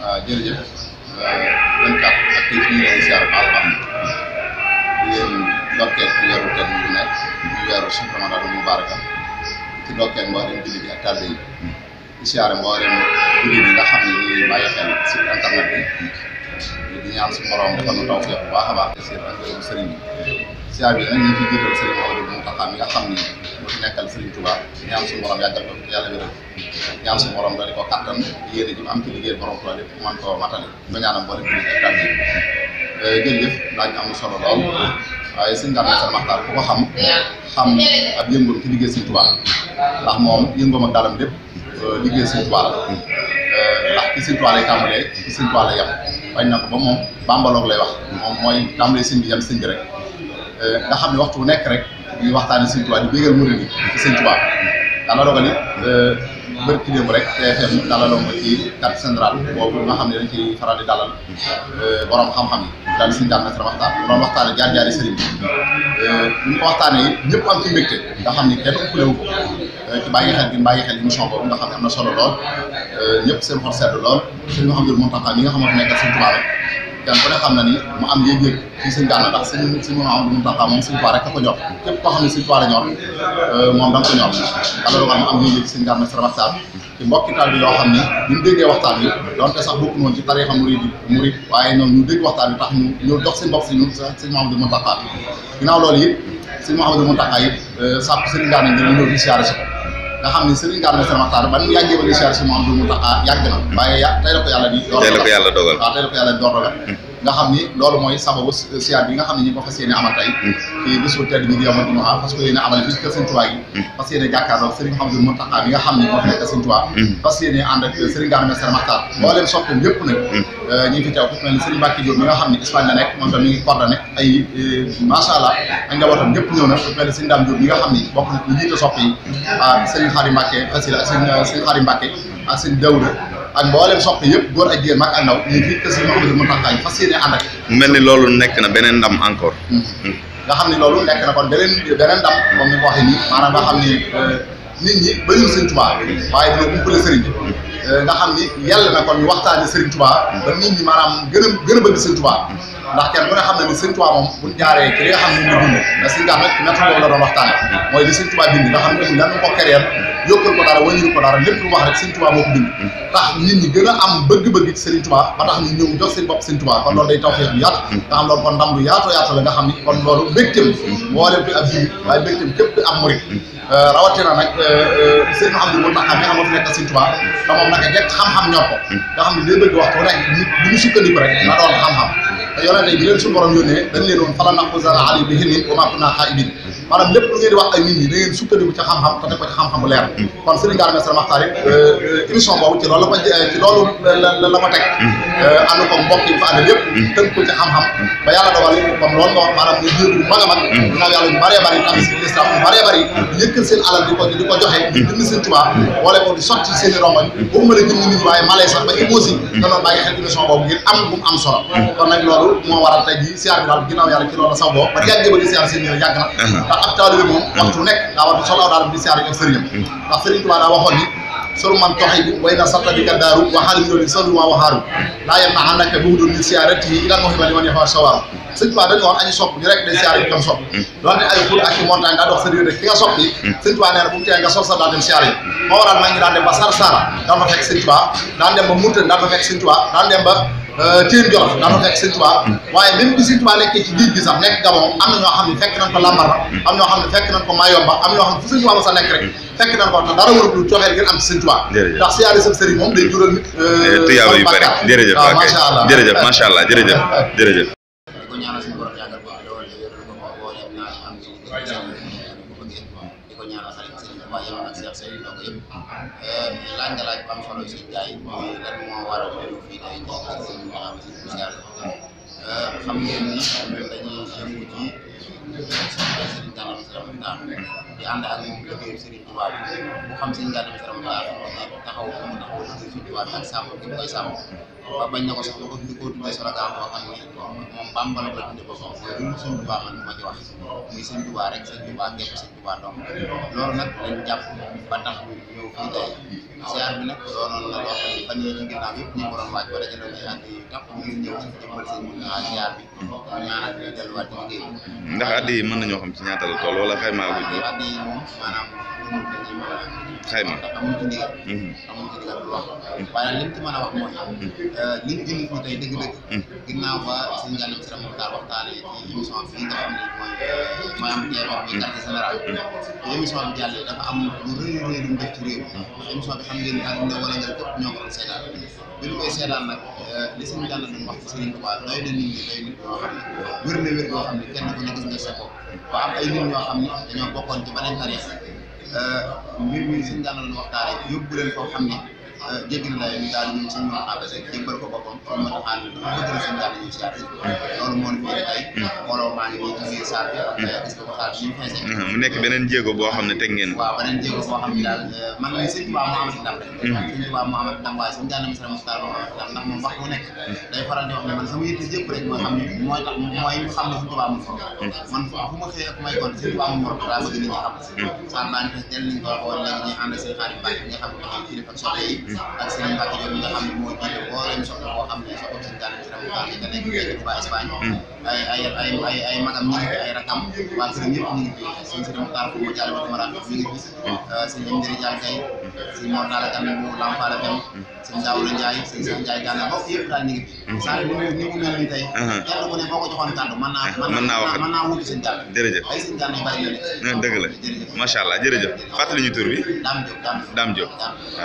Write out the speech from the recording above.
waaw ah, jërëjëf euh, ak kii bi ñu ngi siyaar baax a baax di leen ndokkeel ci weeru tedd bi nekk ñu weeru suñu ramadan mubaraka ci ndokkeel mboolem jullit yi ak di siyaare mboolem jullit yi nga xam ne ngi bàyyi xel si internet bi di ñaan su borom defal nu tawfeex bu baax a baax di siyaare ak sëriñ bi siyaar bi nag ñu ngi ciy jiital Muntaxa mi nga xam ni mu nekkal Serigne Touba ñaan suñu borom yàggal ko yàlla wéral ñaan suñu borom ko kàttan yéene ji mu am ci liggéey borom ko lépp man ko matali ba ñaanam boole bi ak tànn yi eh, jërëjëf laaj am solo lool waaye sëñ Daaru Musaa Maxtaar ku ko ci liggéey Serigne ndax moom yëngoom ak dalam lépp eh, liggéey Serigne eh, ndax ci Serigne Touba lay na ko ba moom bambaloog lay wax moom mooy tàmbalee sëñ bi yem sëñ rek nga xam ne waxtu nekk rek ñuy waxtaane sëñ Tuubaa di bégal murid yi ci sëñ Tuubaa daala dogal it euh, rek TFM dalaloo ma ci carte centrale boobu nga xam ne dañ ci faral di dalal euh, borom xam-xam yi daal sëñ daan nasara waxtaan borom waxtaane jaar-jaari sëriñ bi euh, bu ñu ko waxtaanee it ñëpp am ci mbégte nga xam ne kenn ëppalewu ko ci bàyyi xel gi bàyyi xel émission boobu nga xam ne am na solo lool ñëpp seen xol sedd lool sëñ Mouhamadou Mountakha mi nga xamante nekk sëñ Tuubaa rek kenn ku ne xam na ni mu am yëg-yëg ci suñ gànn ndax suñu suñu maam bu mu baax moom suñu toit rek ko ñor képp koo euh, moom da mu am yëg-yëg ci suñ gànn ci taal bi yoo xam ne ñu mu déggee waxtaan bi donte sax bokk noonu ci tariixa murid murid waaye ñoom ñu dégg waxtaan bi tax ñu ñëw dox seen bopp si ñun suñu maam bu mu baax ginnaaw loolu it suñu maam bu mu taxaw it sàpp suñu gànn ngir ñëw di siyaare si ko nga xam ne Serigne Gallé Serigne Makhtar ban yàggee ba di siyaar si Mouhamadou Mountakha yàgg na. waaye ya tey la ko yàlla di. door a dogal tey la ko yàlla dogal waaw tey la ko yàlla door a dogal hmm. nga xam ni loolu mooy sababu siyaar bi nga xam ne ñi ko fas yéene amal tey ci mm. bisu tedd bi di yomal jumaa fas ko yéene amal fii kër Sëriñ Tuubaa gi mm. fas yéene jàkkaarloo Sëriñ Mouhamadou Mountakha bi nga xam ne moo fi nekk Sëriñ Tuubaa mm. fas yéene ànd ak Sëriñ Gana Messere Makhtar boo leen soppeem yëpp nag euh, ñu ngi fi teew ku mel ni Sëriñ Mbacke Diop mi nga xam ne Espagne la nekk moom tam mi ngi coordonné ay euh, macha allah ak njabootam ñëpp ñëw na ku mel ni Sëriñ Dame Diop mi nga xam ni bokk na ñu jiite sopp yi Sëriñ Xaari Mbacke fas yéene ak Sëriñ Xaari Mbacke ak Sëriñ Dawuda ak mboolem soppe yëpp góor a jigéen mag ak ndaw ñu fii kër si Mouhamadou Mountakha fas yéene ànd ak mu mel ni loolu nekk na beneen ndam encore mm-hmm. mm. nga xam ne loolu nekk na kon beneen beneen ndam comme ni ko nii maanaam nga xam ne euh, nit ñi bañu sëñ Tuubaa waaye dina umpale sëriñ bi mm-hmm. euh, nga xam ni yàlla na kon ñu waxtaane sëriñ Tuubaa mm-hmm. ba nit ñi maanaam gën a gën a bëgg sëñ Tuubaa ndax kenn ku ne xam ne ni sëñ Tuubaa moom buñ jaaree ci li nga xam ne mooy li sëñ Tuubaa nga xam ne lan ko yokkal ko dara wàññiwul ko dara lépp lu wax rek a Tuubaa mm. tax nit ñi gën a am bëgg-bëgg ci ba tax ñu ñëw jox seen bopp loolu day taw feex bu yaatu mm. xam loolu kon ndam lu yaatu yaatu la nga xam ni kon loolu mbégteem moo mm. dem fi ab jibi waaye mbégteem am murit euh, rawatina nag euh, euh, sëñ Mouhamadou Boun Makhtar mi xam nga jekk xam-xam ñor ko nga xam ne day bëgg wax ko rek nit bu ñu sukkandiku rek na doon xam-xam te yonente bi su suñu borom yónnee dañ leen woon fala naqusana ali bi lépp ngeen wax ay nit ñi da ngeen sukkandiku ci xam-xam te teg ko ci xam-xam bu leer hmm. kon sëriñ Gaar Mesere Maxtaar it euh, euh, émission boobu ci loolu la ko ci loolu la la ko hmm. euh, hmm. ba yàlla dogal comme loolu nga wax maanaam muy jiw bu mag a yàlla ñu bëree bëri tam si lislam ñu bëree bëri yëkkal seen alal di ko joxe ñu dindi seen tubaab boole ko di sotti seen i rongoñ boobu mën a jëm nit waaye malay sax ba émosi danoon bàyyi xel émission boobu ngir am bu am solo loolu moo waral tey jii siyaar bi daal ginnaaw yàlla ci loolu la sax boo ba yàgg ba di siyaar seen yooyu yàgg na ndax ab taalibe moom waxtu nekk daa war di solaw daal di siyaar yi ak sëriñam ndax sëriñ Tuubaa daa waxoon ni solu man toxibu way na sarta bi ka daaru waxaalim loolu solu waa waxaaru laa yem na ànd ak bu doon ni siyaarati yi ilan maxima li ma neexoon sawaaru sëñ Tuubaa dañu wax añu sopp ñu rek day siyaar yi kam sopp doonte ay xur ak i montagne daa dox sa diggante ki nga sopp yi sëñ Tuubaa nee na bu mu tee nga sopp sa daa dem siyaar yi moo waral maa ngi daan dem ba Sar Sara daan fa fekk sëñ Tuubaa daan dem ba Murtan daan fa fekk sëñ Tuubaa daan dem ba Thiel Dior daan na fekk Sëñ Tuubaa hmm. waaye même bi Sëñ Tuubaa nekkee ci diir gi sax nekk Gabon am na ñoo xam ne fekk nañ ko Lambaréné hmm. am ñoo xam ne fekk nañ ko Mayomba am ñoo xam ne fu Sëñ Tuubaa ma sa nekk rek hmm. fekk nañ ko te dara warul lu coxeel ngeen am ci Sëñ Tuubaa ndax si yaari sëb sëriñ moom day jural nit euh, eh, tuyaaba yu bëri jërëjëf ah, macha allah jërëjëf macha allah jërëjëf sëñ Tuubaa yoroon ak Cheikh Seydina ko yëpp laaj nga laaj bu solo si jaay mooy lan moo waral ñu fii tey ñu ak sëñ bi am si xam ngeen ni dañuy yëngu ci soxla sëriñ Gana Messere Makhtar di ànd ak moom liggéey sëriñ Tuubaa bu xam sëriñ Gana Messere Makhtar taxaw ko mu ba bañ na ko sax ba ko di ko tuddee Soraka boo ne moom Bàmba la ko tuddee ko soxla mooy lu mu sëñ Tuubaa man ma doom loolu nag lañ jàpp ba tax ñëw fii tey siyaar bi nag doonoon na loo xam ne fan yii ci ñu ko doon waaj ba dajaloon ci ànd yu topp ngir ñëw jëmbal sëñ Muntaxa siyaar bi ñaanal ñu ndax addi mën nañoo xam ci ñaata la toll wala xaymaa ko moom maanaam xayma. amuñ ci ndigal. amuñ ci ndigal bu baax. waaye li ñu ci mën a wax mooy. li ñu jullit ñi tey dëgg-dëgg. ginnaaw ba suñu njàngam si Ramou Khtar waxtaanee ci émission fii nga xam ne mooy mooy am tey wax muy quartier général. émission bi jàllee dafa am lu rëy a rëy lu mu def ci réew mi. émission bi xam ngeen ne àdduna wala nga képp ñoo ko doon seetaan. bi ñu koy seetaan nag li suñu daan doon wax ci Serigne Touba doy na nit ñi doy nit ñoo xam ne wér na wér yoo xam ne kenn ku ne gis nga sa bopp ba am ay nit ñoo xam ne dañoo bokkoon ci beneen tariix Euh, mbir mi suñu daanal waxtaanee yóbbu leen foo xam ne jéggil lay ñu daal ñun suñu mën a àgg rek jébbal ko boppam pour mën a ànd ko jël suñu daal ñu ci àgg loolu moo ñu fi tey hmm. mbooloo maa ngi nii ci biir saal bi ak gis nga ko saal bi ñu feesee hmm. mu nekk beneen jéego boo xam ne teg ngeen waaw beneen jéego boo xam ne daal euh, man la sëñ Tuubaa Muhammad Ndam rek hmm. sëñ Tuubaa Muhammad Ndam waaye suñu daal Moussa Moussa Muhammad Ndam ndax moom wax bu nekk day faral di wax ne man sama yitte yëpp rek mooy xam ne mooy tax mooy xam ne sëñ Tuubaa mu fo man fu ma xëyee ak may kon sëñ Tuubaa mu morom laa bëgg nit ñi xam saal baa ngi fees del niñ ko waxoon léegi ñuy ànd seen xarit bàyyi ñi xam ne kilifa soxla yi ak sëriñ Mbacke Diop nga xam ne moo jiite mboolem soxna boo xam ne soxna sëñ daana ci ramukaan yi nga nekk ci Touba Espagne ay ay ay ay ay magam ñu ngi fi ay rakam waa sëriñ yëpp ñu ngi fi sëñ sëriñ Moutar ko moo jàll ba Mara mi ngi fi sëñ Amndiri Diall Gaye sëñ Mor Talla Kan bu Lampal FM sëñ Daawula Ndiaye sëñ Sëñ Ndiaye Gana bokk yëpp daal ñu ngi fi saa ni mu mel ni tey kenn ku ne boo ko joxoon kàddu mën naa mën naa wax mën naa wuti sëñ Diall jërëjëf ay sëñ Diall yu bari dëgg la macha allah jërëjëf fàttali ñu tur bi Dame Diop Dame Diop